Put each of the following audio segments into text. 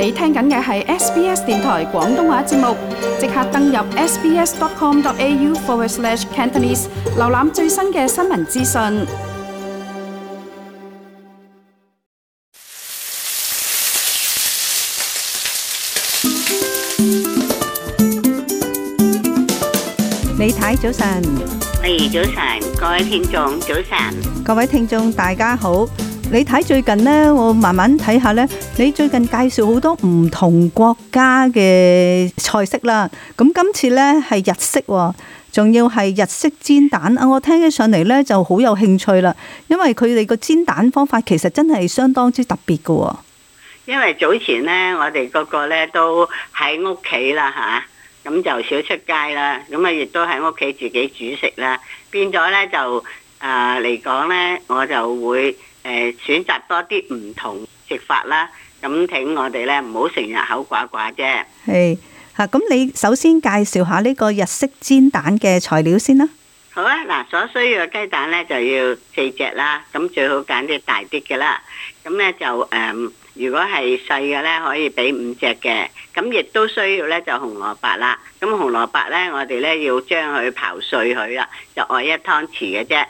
你聽緊嘅係 SBS 電台廣東話節目，即刻登入 sbs.com.au/cantonese 瀏覽最新嘅新聞資訊。李太早晨，誒早晨，各位聽眾早晨，各位聽眾大家好。你睇最近呢，我慢慢睇下呢。你最近介紹好多唔同國家嘅菜式啦，咁今次呢，係日式，仲要係日式煎蛋啊！我聽起上嚟呢，就好有興趣啦，因為佢哋個煎蛋方法其實真係相當之特別噶。因為早前呢，我哋個個呢都喺屋企啦，吓、啊、咁就少出街啦，咁啊亦都喺屋企自己煮食啦，變咗呢，就啊嚟講呢，我就會。誒選擇多啲唔同食法啦，咁請我哋咧唔好成日口寡寡啫。係吓，咁你首先介紹下呢個日式煎蛋嘅材料先啦。好啊，嗱，所需要嘅雞蛋咧就要四隻啦，咁最好揀啲大啲嘅啦。咁咧就誒、呃，如果係細嘅咧，可以俾五隻嘅。咁亦都需要咧就紅蘿蔔啦。咁紅蘿蔔咧，我哋咧要將佢刨碎佢啦，就外一湯匙嘅啫。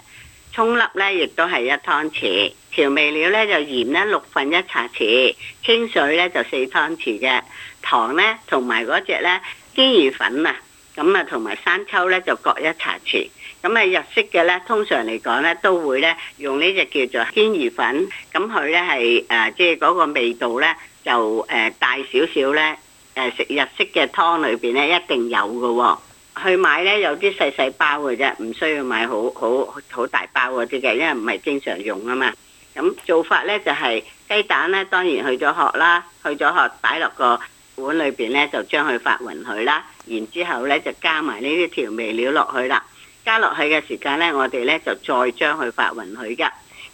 葱粒咧亦都係一湯匙。調味料咧就鹽咧六分一茶匙，清水咧就四湯匙嘅糖咧同埋嗰隻咧堅魚粉啊，咁啊同埋生抽咧就各一茶匙。咁、嗯、啊日式嘅咧通常嚟講咧都會咧用呢隻叫做堅魚粉，咁佢咧係誒即係嗰個味道咧就誒、呃、大少少咧誒食日式嘅湯裏邊咧一定有㗎喎、哦。去買咧有啲細細包嘅啫，唔需要買好好好，好，好大包嗰啲嘅，因為唔係經常用啊嘛。咁做法呢，就係雞蛋呢，當然去咗殼啦，去咗殼擺落個碗裏邊呢，就將佢發勻佢啦，然之後呢，就加埋呢啲調味料落去啦。加落去嘅時間呢，我哋呢，就再將佢發勻佢噶。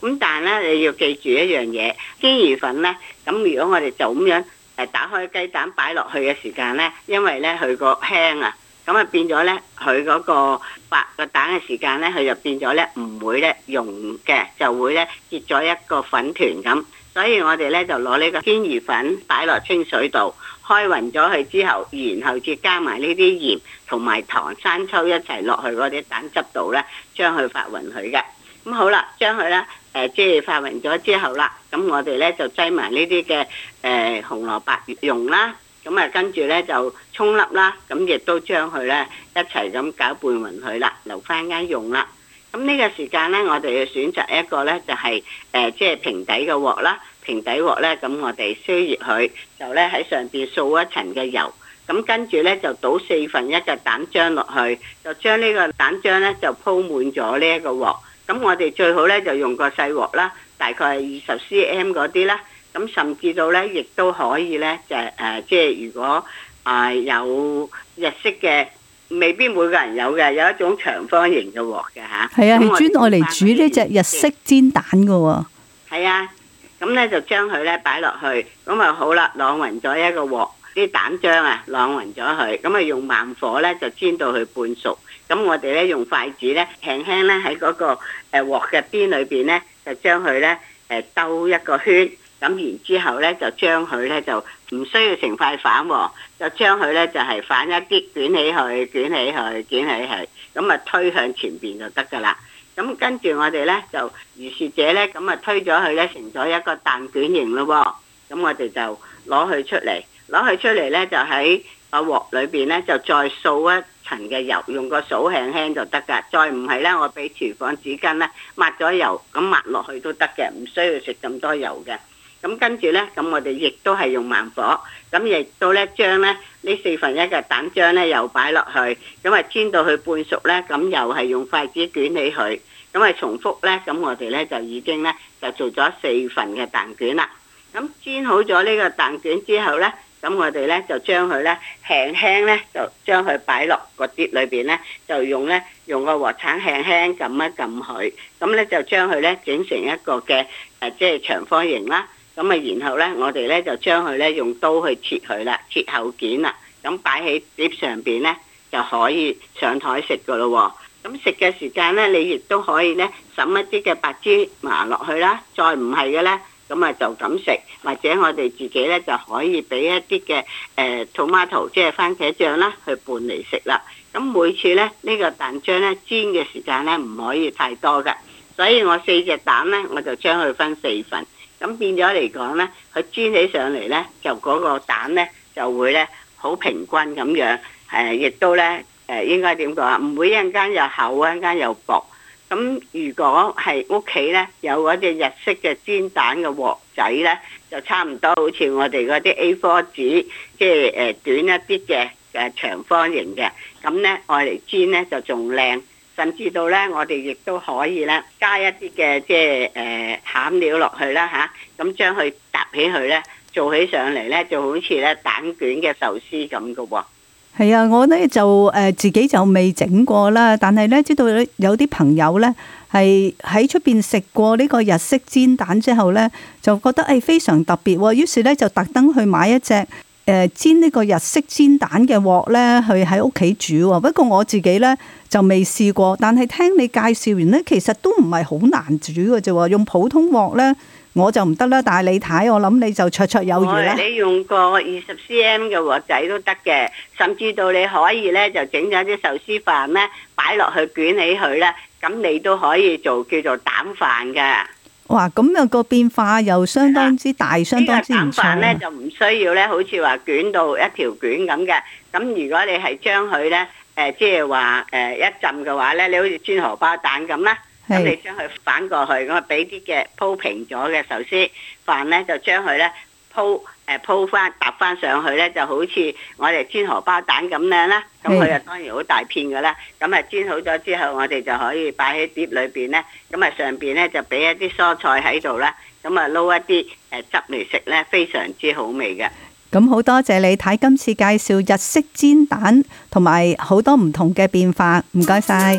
咁但係呢，你要記住一樣嘢，鮮魚粉呢，咁如果我哋就咁樣誒打開雞蛋擺落去嘅時間呢，因為呢，佢個輕啊，咁啊變咗呢，佢嗰個。發個蛋嘅時間呢，佢就變咗呢，唔會呢溶嘅，就會呢結咗一個粉團咁。所以我哋呢，就攞呢個鮮芋粉擺落清水度，開勻咗佢之後，然後再加埋呢啲鹽同埋糖、生抽一齊落去嗰啲蛋汁度呢，將佢發勻佢嘅。咁好啦，將佢呢，誒、呃，即係發勻咗之後啦，咁我哋呢，就擠埋呢啲嘅誒紅蘿蔔蓉啦。咁啊，跟住咧就沖粒啦，咁亦都將佢咧一齊咁攪拌勻佢啦，留翻間用啦。咁、這、呢個時間咧，我哋要選擇一個咧，就係誒即係平底嘅鑊啦。平底鑊咧，咁我哋燒熱佢，就咧喺上邊掃一層嘅油。咁跟住咧就倒四分一蛋個蛋漿落去，就將呢個蛋漿咧就鋪滿咗呢一個鑊。咁我哋最好咧就用個細鑊啦，大概二十 cm 嗰啲啦。咁甚至到咧，亦都可以咧，就係誒，即係如果啊、呃、有日式嘅，未必每個人有嘅，有一種長方形嘅鑊嘅嚇。係啊，係專愛嚟煮呢隻日式煎蛋嘅喎。係啊，咁咧就將佢咧擺落去，咁啊好啦，撈勻咗一個鑊，啲蛋漿啊撈勻咗佢，咁啊用慢火咧就煎到佢半熟，咁我哋咧用筷子咧輕輕咧喺嗰個誒鑊嘅邊裏邊咧，就將佢咧誒兜一個圈。咁然之後咧，就將佢咧就唔需要成塊反鑊，就將佢咧就係、是、反一啲捲起去、捲起去、捲起去，咁啊推向前邊就得噶啦。咁跟住我哋咧就如是者咧，咁啊推咗佢咧成咗一個蛋卷型咯喎。咁我哋就攞佢出嚟，攞佢出嚟咧就喺個鑊裏邊咧就再掃一層嘅油，用個掃輕輕就得噶。再唔係咧，我俾廚房紙巾咧抹咗油，咁抹落去都得嘅，唔需要食咁多油嘅。咁跟住呢，咁我哋亦都係用慢火，咁亦都將呢，將呢呢四份一嘅蛋漿呢又擺落去，咁啊煎到佢半熟呢，咁又係用筷子捲起佢，咁啊重複呢，咁我哋呢就已經呢，就做咗四份嘅蛋卷啦。咁煎好咗呢個蛋卷之後呢，咁我哋呢就將佢呢輕輕呢，就將佢擺落個碟裏邊呢，就用呢用個鑊鏟輕輕撳一撳佢，咁呢就將佢呢整成一個嘅誒、呃、即係長方形啦。咁啊，然後呢，我哋呢就將佢呢用刀去切佢啦，切厚件啦，咁擺喺碟上邊呢，就可以上台食噶咯喎。咁食嘅時間呢，你亦都可以呢，揼一啲嘅白芝麻落去啦。再唔係嘅呢，咁啊就咁食，或者我哋自己呢，就可以俾一啲嘅 Tomato，即係番茄醬啦，去拌嚟食啦。咁每次呢，呢個蛋漿呢，煎嘅時間呢，唔可以太多嘅，所以我四隻蛋呢，我就將佢分四份。咁變咗嚟講咧，佢煎起上嚟咧，就嗰個蛋咧就會咧好平均咁樣，誒，亦都咧誒，應該點講啊？唔會一陣間又厚，一陣間又薄。咁如果係屋企咧有嗰隻日式嘅煎蛋嘅鑊仔咧，就差唔多好似我哋嗰啲 A4 紙，即係誒短一啲嘅誒長方形嘅。咁咧，愛嚟煎咧就仲靚。甚至到咧，我哋亦都可以咧，加一啲嘅即係誒餡料落去啦吓，咁將佢搭起去咧，做起上嚟咧，就好似咧蛋卷嘅壽司咁嘅喎。係啊，我咧就誒、呃、自己就未整過啦，但係咧知道有啲朋友咧係喺出邊食過呢個日式煎蛋之後咧，就覺得誒非常特別，於是咧就特登去買一隻。誒煎呢個日式煎蛋嘅鑊呢，去喺屋企煮喎。不過我自己呢，就未試過，但係聽你介紹完呢，其實都唔係好難煮嘅啫。用普通鑊呢，我就唔得啦。但係你睇，我諗你就綽綽有餘啦、嗯。你用個二十 cm 嘅鑊仔都得嘅，甚至到你可以呢，就整咗啲壽司飯呢，擺落去捲起佢呢。咁你都可以做叫做蛋飯嘅。哇！咁樣個變化又相當之大，相當之唔錯。呢飯咧就唔需要咧，好似話捲到一條卷咁嘅。咁如果你係將佢咧誒，即、呃、係、就是呃、話誒一浸嘅話咧，你好似煎荷包蛋咁啦。咁你將佢反過去，咁啊俾啲嘅鋪平咗嘅壽司飯咧，就將佢咧鋪。鋪誒鋪翻搭翻上去咧，就好似我哋煎荷包蛋咁樣啦，咁佢又當然好大片嘅啦。咁啊煎好咗之後，我哋就可以擺喺碟裏邊咧。咁啊上邊咧就俾一啲蔬菜喺度啦。咁啊撈一啲誒汁嚟食咧，非常之好味嘅。咁好多謝你睇今次介紹日式煎蛋同埋好多唔同嘅變化，唔該晒。